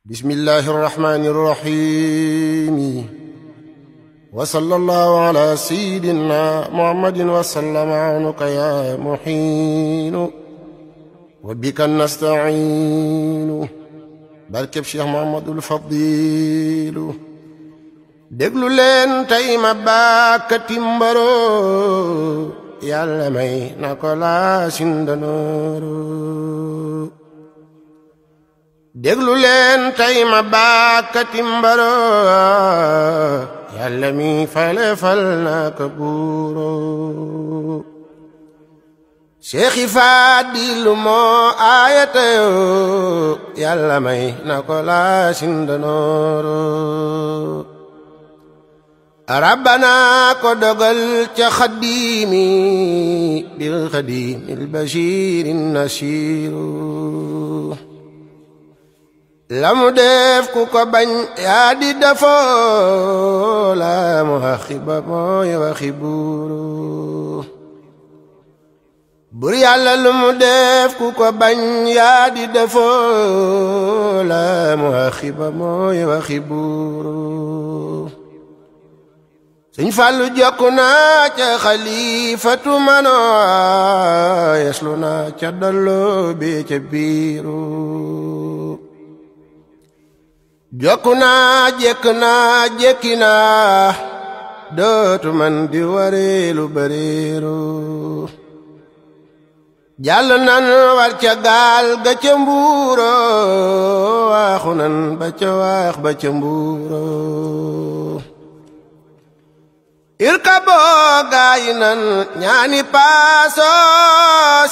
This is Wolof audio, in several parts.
bismillahi irrahmani irrahimi wa sallallahu ala sayidina muhammadin wa sallama anuka ya muhiinu wa bika nastainu barkeb cheikh muhammadul fadilu déglu leen tey ma baakati mbaro yàlla may na ko laa sindanoro déglu leen tey ma baakati mbaro yàlla mi fale fal naa ko buuro moo aayata yoo may na ko rabbana ko dogal ca xaddiimi bil xaddiimi al bashiiri nasiiru lamu def ku ko bañ yaa di dafoo la mu haxiba mooy waxi buuru bur yàlla lu mu def ku ko bañ yaa di dafoo la mu haxiba mooy waxi buuru suñ fàllu jokku ca xalifatu manoo yeslu naa ca dollo bi ca biiru jokku na jekk naa jekki naa dootu man di wareelu bareeru jàll nan war ca gaal ga ca mbuuro nan ba ca waax ba ca mbuuro irkaboo gaayi nan ñaani paaso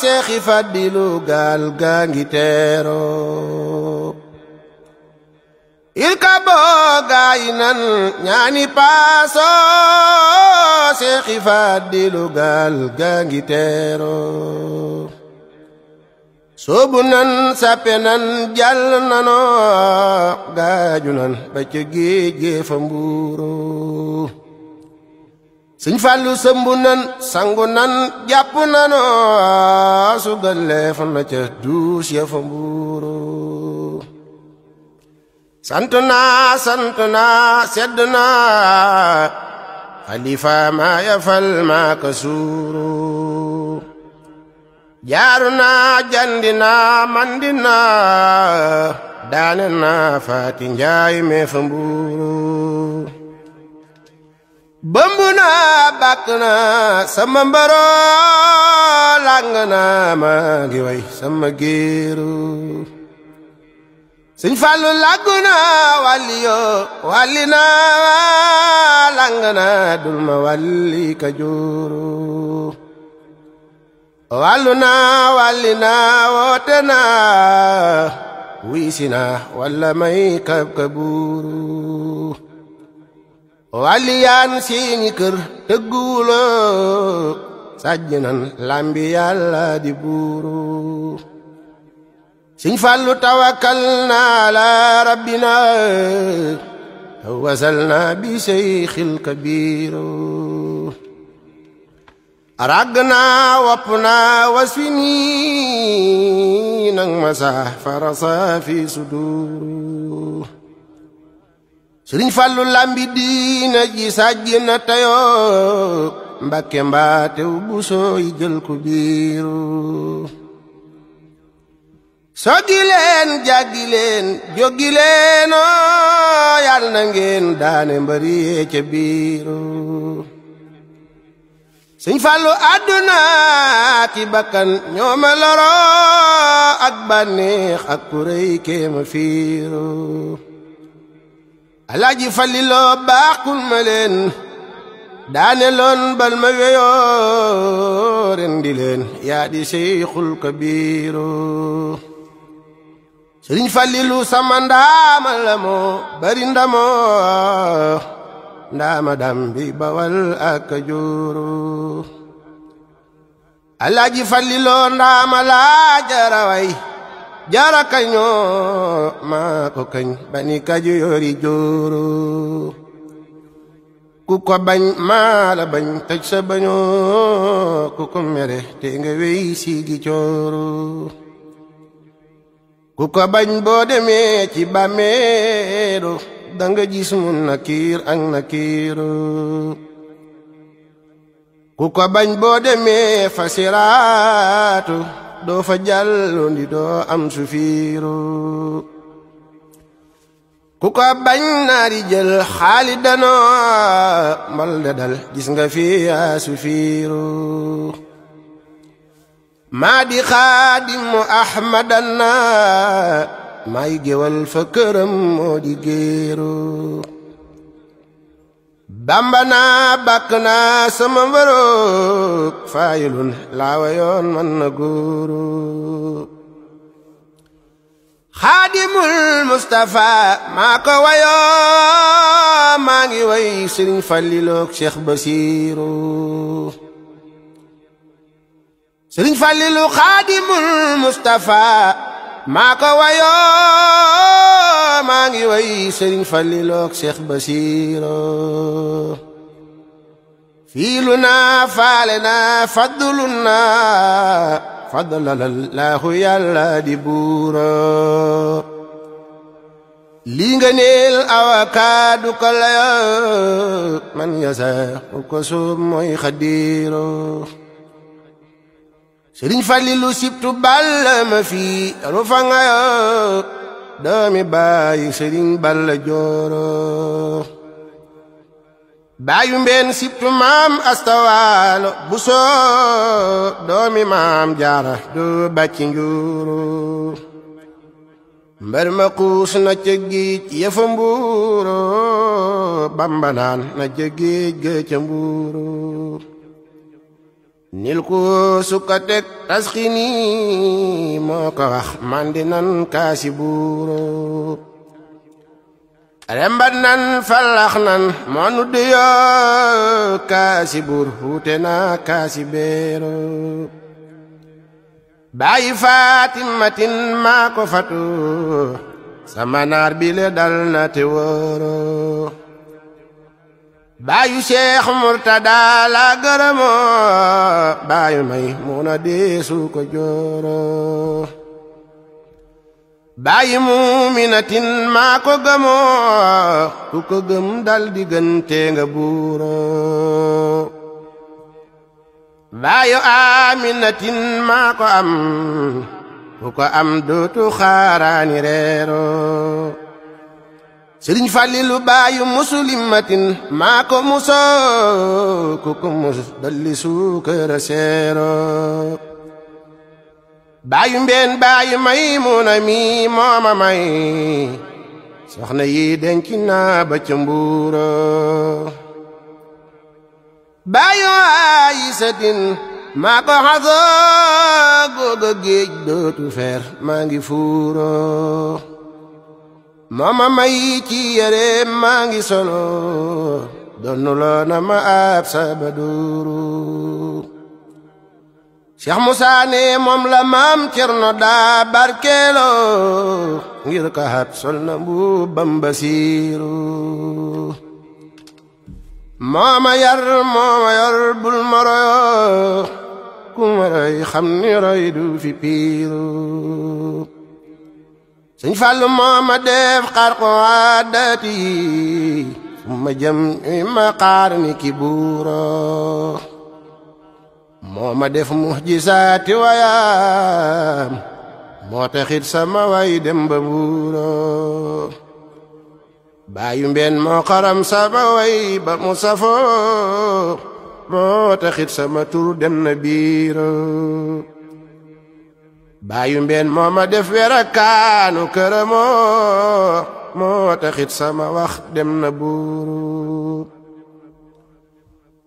seexi faddilu gaal gaa ngi teeroo il ka boogaay nan ñaani paasoo Seexi Faadilu gaal gaa teeroo soobu nan sappe nan jàll nanoo gaaju nan ba ca géej gee mbuuroo Sëñ Fallu sëmbu nan sangu nan jàpp nanoo sugal na ca duus ya fa mbuuroo sant naa sant naa sedd naa xalifa maa yafal maa suuru jaaru naa jandi naa mandi naa daane naa faati njaay mee mbuuru bëmb naa bàkk naa sama mbaro làng naa maa ngi way sama géeru sëñ Fallou làgg na wàlli yoo na lang na dul ma wàlli ka juuru wàllu na wàlli na woote na na walla may kab ka buuru wàlli yaan seeni kër tëgguwuloo nan lambi yàlla di buuru siñ fàllu tawakkal naa la rabbina wasal naa bi seyxil kabiru ràgg naa wopp naa was fi nii nag farasa fi suduru sëriñ fàllu làmbi diina ji sàjj na mbakke mbaatew bu sooy jël sogi leen jàggi leen jógi leeno yàlla na ngeen daane mbëri yee ca biiru sëñ fàllu àdduna ki bakkan ñoo ak bànneex ak kuréy kéema fiiru alaaji falliloo baaxul ma leen daane loon bal ma weyoo di leen yaa di seyxul kabiiru sëriñ Falilu sama ndaama moo bari ndamoo ndaama bi bawal ak juuru alaaji Faliloo ndaama jaraway jara maa ko kañ bani kaju yori juuru ku ko bañ maa la bañ tëj sa bañoo ku ko mere te nga wey sigi cooru ku ko bañ boo demee ci bàmmeeru danga gis mu nakiir ak nakiiru ku ko bañ boo demee fa siraatu doo fa jàllu ndi doo am sufiiru ku ko bañ naari jël xaali danoo mbal de dal gis nga fi yaa sufiiru maa di xaadimu ahmadana maay géwal fa këram moo di géeru bamba naa bàkk naa sama mbaroog faayulun laawa yoon man maa ko wayoo maa ngi way sëriñ faliloog cheikh sëriñ Falilu xaadimul Mustafa maa ko wayoo maa ngi way sëriñ Falilook Seex Basiiro fiilu naa faale naa faddulu naa faddalalallaahu yàlla di buuro lii nga neel awakaa man yasa ko soob mooy xadiiro sëriñ falilu sibtu balla ma fii rufa nga yoo doomi baayu sëriñ balla jooro baayu mbeen sibtu maam astawaalo bu soo doomi maam jaara du bàcci njuuro mbër ma xuus na ca géej bambanaan na ca géej nil ko sukka teg tasxini moo ko wax man di nan kaasi buuro rembat nan fallax nan moo nu duyoo kaasi buur wuute naa kaasi beero bàyyi faatimatin maa ko fatu sama naar bi le dal na te wóoro baayu Cheikh Murtada la gërëmoo baayu may mun deesu ko jooro baayu muuminatin maa ko gëmoo ko gëm dal diggante nga buuro baayu aaminatin maa am ku ko am dootu xaaraani reero sëriñ Falilu baayu muslimatin maa ko musoo ko mus dolli suukara seero baayu mbeen baayu may muuna mi mooma may soxna yi denc na ba ca mbuuro baayu aayisatin maa ko xasoo googa géej dootu feer maa ngi fuuro mooma may ci yére maa solo donnu loona ma ab sabaduuru Cheikh Moussa ne moom la maam Cerno daa barkeeloo ngir kaat sol na bu Bamba siiru mooma yar mooma yor bul moroyo ku ma roy xam ni roy du fi piiru sëñ Fallu mooma def xarqu aadati yi summa jëm ma xaar ni ki buuro mooma def muxjisaati wayaam moo taxit sama way dem ba buuro baayu mbeen moo xaram sama way ba mu safoo moo taxit sama tur dem na biiro baayu mbeen moo ma def werakaanu këramoo moo taxit sama wax dem na buuru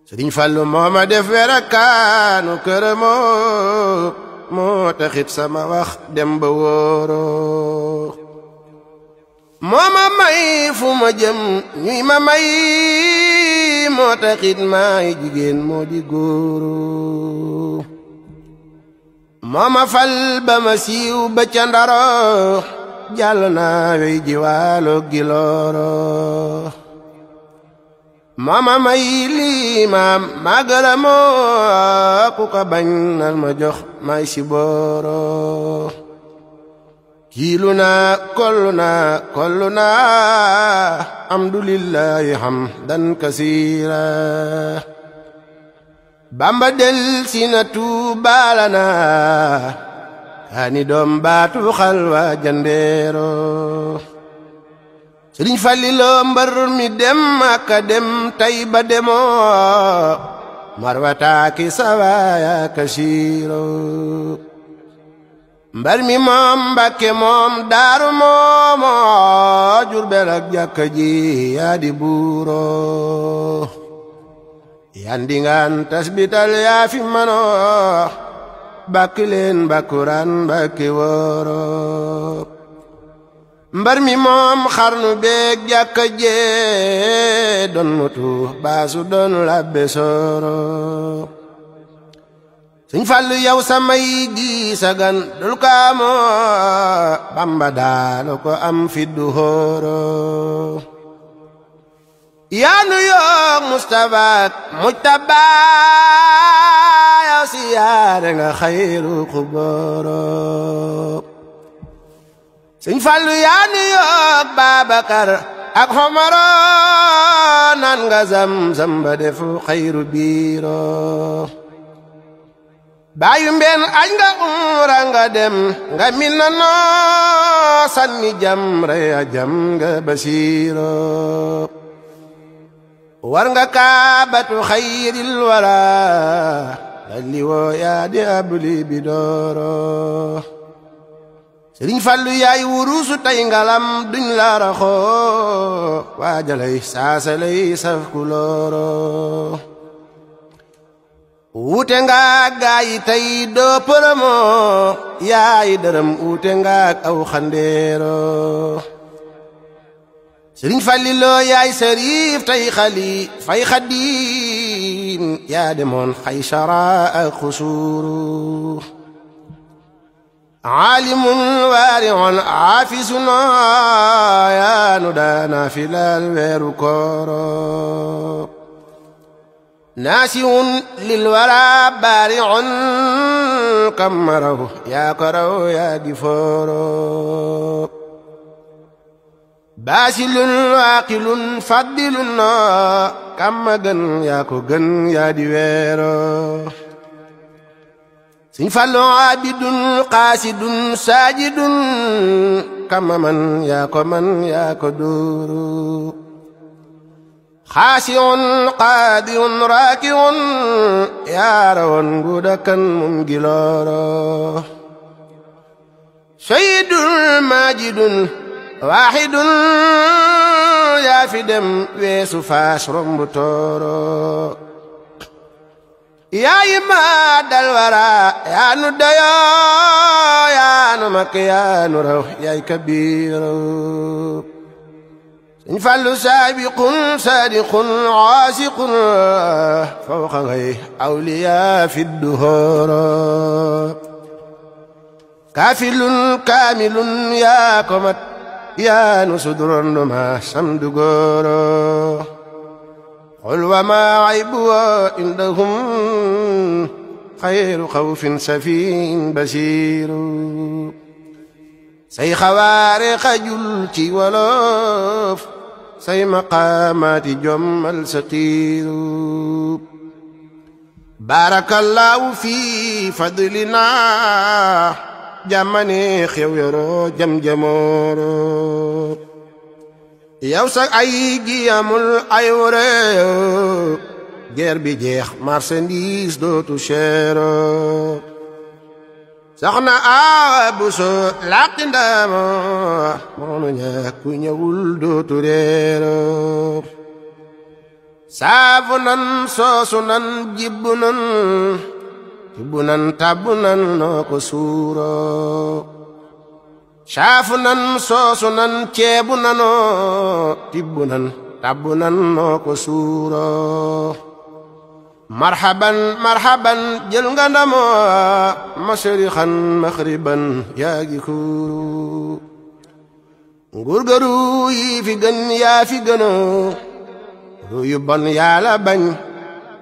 Sëriñ Fallu moo ma def werakaanu këramoo moo taxit sama wax dem ba wóoroo moo ma may fu ma jëm ma may moo taxit maay jigéen moo di góoru mooma fal ba ma siiw ba ca ndaro jàll wey ji waalo gilooro mooma may lii maam maa gërëmoo ku ko bañ nal ma jox may si booro kiilu naa kollu naa kollu naa alhamdulillahi hamdan kasiira bamba del si na tuuba la naa ani doom baatu xalwa jandeero sëriñ Faliloo mbër mi dem aka dem tay ba demoo marwataaki sawaaya kasiiro mbër mi moom mbakke moom daaru moomo jurbel ak jàkka ji yaa di buuro candingaan tasbital yaa manoox bàkk leen bàkkuraan bàkki woorook mbar mi moom xarnu beeg jàkka jee doon mutu baasu doon labbe soorook suñ fàllu yow samay gi sagan dul kaamoo bamba daalo ko am fiddu hoorook yaa nu yoo Moustapha Mujtaba yow nga xayru xubooro Sëñ Fallu yaa nu yoo ak Xomaro naan nga zam-zam defu xayru biiro baayu mbeen aj nga umra nga dem nga minano sanni jam reya jam nga basiiro war nga kaabatu xayril wara dalli woo yaa di abli bi dooro sëriñ fallu yaay wurusu tey ngalam duñ la raxoo waajalay saasalay saf ku looro wuute ngaak gaa doo përëmoo yaay dërëm wuute ngaak aw xandeero sëriñ Falliloo yaay sariif tey xali fay xadiim yaa demoon xaysara ak xusuuru aalimun waariun aafisuna yaa nu daana filaal weeru kooro lil wara baariun kammaraw yaa ko raw yaa di fooro baasilun waaqilun faddilun na kàmma gën yaa gën yaa di weeroo siñ fallu abidun xaasidun saajidun kàmma man yaa ko man yaa ko dóoru xaasiun qaadiun raakiun mum gilooro sayyidun maajidun waaxidun yaa fi dem weesu faas romb yaa yi maa wara yaa nu dayoo yaa nu mag yaa nu raw yaay kabiiro sëñ Fallu saabiqun saadiqun aasiqun fawqa ngay awliyaa fi duhooro kaafilun kaamilun yaa ko yaanu sudurandum ha samdu gooro qul wa maa aybuwa indahum xayru xawfin safiin basiiru say xawaare xajul ci wolof say maqaamaati jommal saqiiru baarakallaahu fi fadlinaa jàmmane xew yoroo jam jamooro yow sax ay gi amul ay wóoree guerre bi jeex marchandise dootu seero soxna Abu So laqi ndama moonu ñàkk ku dootu reero saafu nan soosu hibbu nan tabbu nan noo ko suuroo caafu nan soosu nan ceebu nanoo tibbu nan tabbu nan noo ko suuroo marhaban marhaban jël nga ndamoo masrixan maxriban yaa gi kuuru ngurgaru yi fi gën yaa fi gënoo yu bon yaa la bañ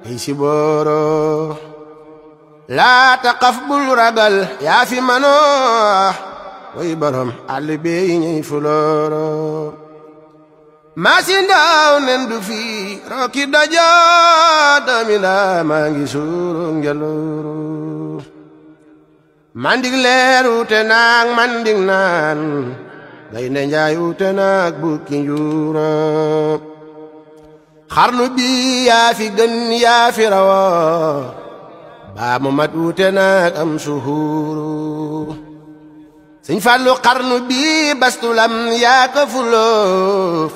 ay si laa taqaf bul ragal yaa fi manoo way borom bee ñuy fulooro maasi nen du fi roki daja doomi la maa ngi suuru ngelooro mandig leer wuute naag naan gaynde njaay wuute naag bukki njuura xarnu bi yaa fi gën yaa fi rawo baa mu mat wuute naag am suhuuru sëñ Fallu xarnu bii bastulam yaa ko fuloo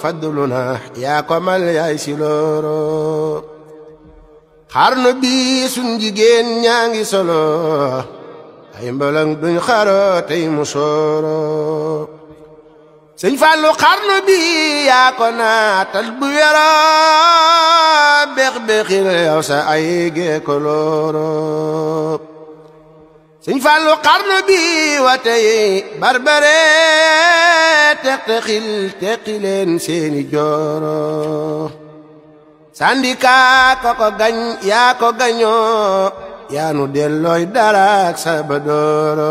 fadlu na yaa mal yaay si xarnu bii sun jigéen ñaa ngi solo ay mbalang duñ xaro tey mu sooro sëñ Fallu xarnu bi yaa ko naatal bu wéra bex bexil yow sa ay geeko looro sëñ Fallu xarnu bi wate yi barbare tex texil teqi leen seeni jooro sandika koko gañ yaa ko gañoo yaanu dellooy daraak sabadooro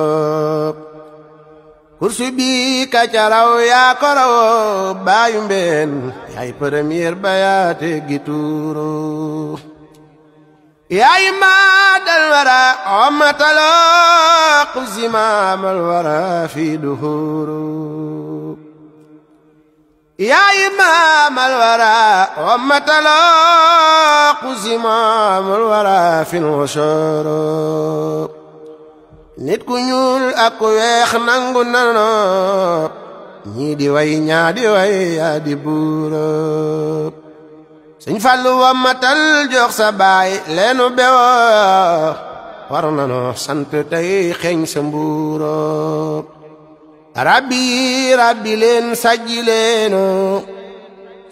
kursu bi ka yaa korawo baayu yaay premier ba yaa yaay maa dal wara omatalo kusimaamal wara fi duhuru yaay maa mal wara omatalo kusimaamal wara fi nushuru nit ku ñuul ak weex nangu nanoo ñii di way ñaa di way yaa di buuroo suñ fàllu wa jox sa baay leenu bewoo war nanoo sant tey xeeñ sa mbuuroo rabbi rabbi leen sajji leenu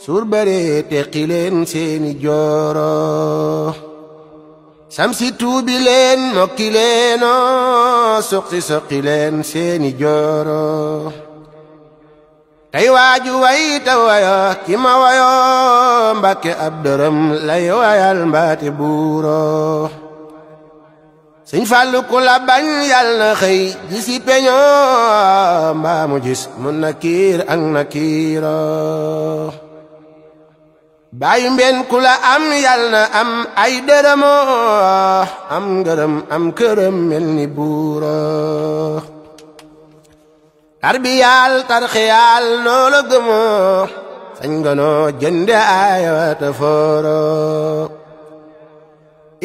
suur bare teqi leen seeni jooroo samsi tuubi leen mokki leenoo soqi soqi leen seeni jooro tey waaju way wayo ki ma wayo mbàkke ab dërëm lay wayal mbaate buuro sëñ fàllu ku la bañ yàlla na xëy ji si peñoo mbaa mu mun na kiir ak na kiiro bàyyi mbenn ku am yal na am ay dërëmoo am ngërëm am kërëm mel ni buuroo tarbiyaal tarxiyaal noo la gëmoo sañ nga noo jënde aayata fooroo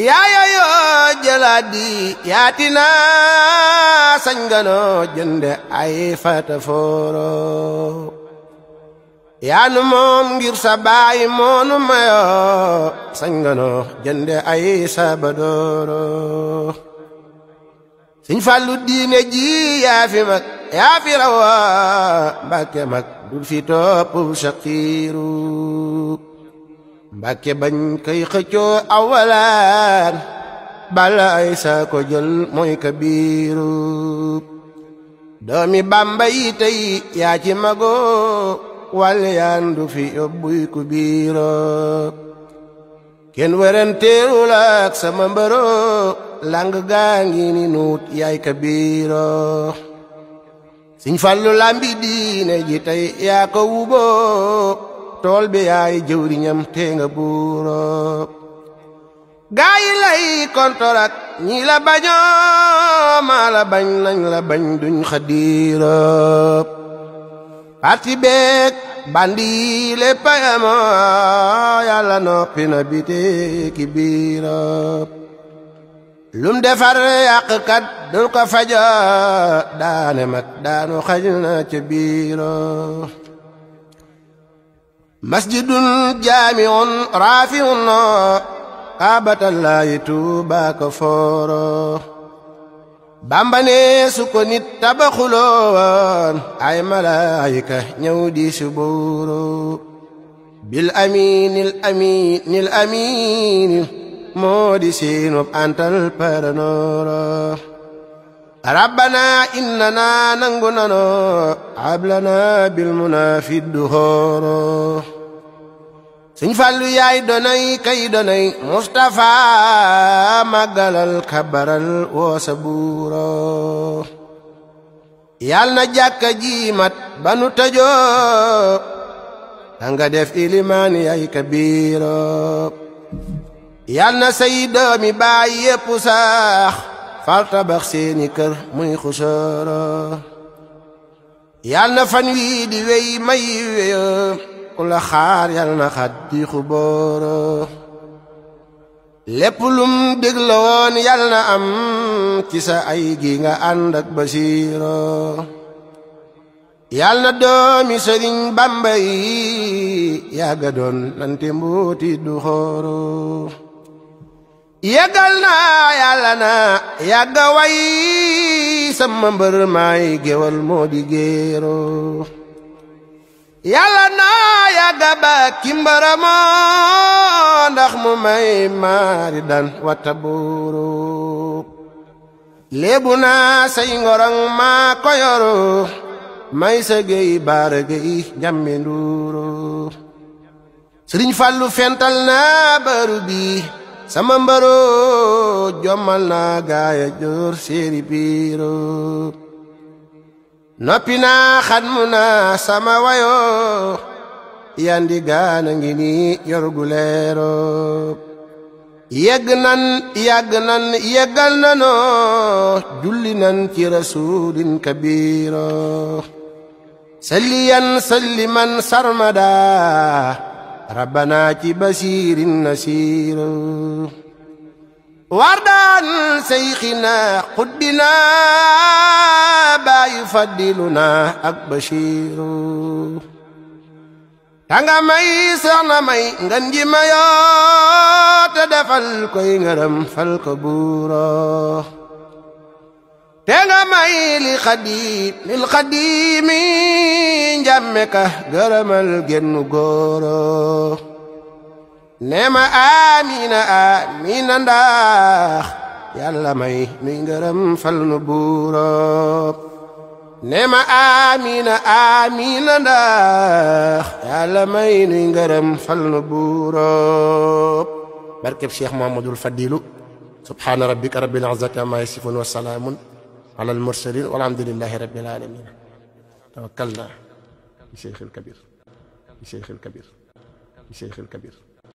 yaaya yoo jëlaat di yaatina sañ nga noo ay fata fooroo yaanu moom ngir sa baay moonu mayoo sañ nga noo jënde ay sabadooro siñ fàllu diine ji yaa fi mag yaa fi rawa mbàkke dul fi topp shaqiiru mbàkke bañ koy xëccoo awalaan bala ay saa ko jël mooy kabiiru doomi bàmba yi tey yaa ci magoo walyandu fi yóbbuy ku biiroo kenn werenteerul ak sama mbëroo lang gaa ngi ni nuut yaay ka biiroo siñ fallu lambi diine ji tey yaa ko tool bi yaay jëwriñam tee nga buuroo gaa yi lay kontorak la bañoo maa la bañ nañ la bañ duñ xadiiroo parti beeg bandi lépp a yàlla noppi na biti ki biirab lum defar yàqkat dul ko fajo daane mag daanu xaj na ca biirab masjidun jaamiun raafiun no kaabatallaayi tuuba ko fooro bambane su ko nit tabaxuloon ay malaayika ñëw di subuuru bil aminil aminil aminil moo di siinub antal paranooro rabbana innana nangu nano ablana bil munafi duhooro suñ Fallu yaay donay kay donay Mustafa màggalal kabaral woo sa buuroo yal na jàkka jiimat ba nu tëjoo danga def ilimaan yaay kabiiroo yal na say doomi baay yépp saax fal tabax seeni kër muy xusooroo yal na fan wii di wey may weyoo ku la xaar yal na xat di xubóoro lépp yal na am ci sa ay gi nga ànd ba basiiro yal na doomi sëriñ bàmba yi yàgga doon nante mbooti du xooro yàggal naa yàlla naa yàgga way sama mbër maay géwal moo di géero yàlla naa yàgga ba kimbarama ndax mu may maari dan wa tabuuru léebu naa say ngorong maa ko yoru may sa géy baara géy njambi nduuru sëriñ fàllu fental naa baru bi sama mbaro jommal naa gaaya joor séeri biiru noppi naa xan mu naa sama wayoo yandi gaana ngi nii yorugu leeroo yegg nan yàgg nan yeggal nanoo julli nan ci rasuulin kabiiroo salliyan salliman sarmadaa rabbanaa ci basiirin nasiiroo wardaan seyxina xuddina baayu fadiluna ak bashiru tanga may soxna may ngan ji mayoo te defal koy ngërëm fal ko buuroo te nga may li xadiim lil xadiimi njàmme ka gennu góoroo nema amina amina ndax yàlla may nuy ngërëm fal nu buuroob nema amina amina ndax yàlla may nuy ngërëm fal nu buuroob barkeb cheikh mahamadul fadilu subhaana rabbika rabbil izzati amma yasifun wa salaamun ala al mursalin walhamdulillahi rabbil alamin tawakkalna bi cheikh al kabir bi cheikh al kabir bi cheikh al kabir